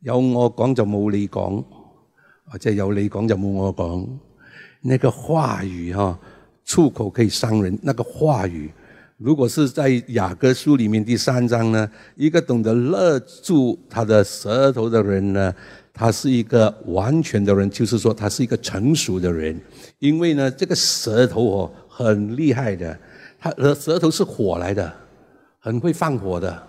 有我講就冇你講，或者有你講就冇我講，那個話語嚇、啊，出口可以傷人。那個話語如果是在雅各書裏面第三章呢，一個懂得勒住他的舌頭的人呢，他是一個完全的人，就是說他是一個成熟的人。因為呢，這個舌頭哦，很厲害的，他舌舌頭是火來的，很會放火的。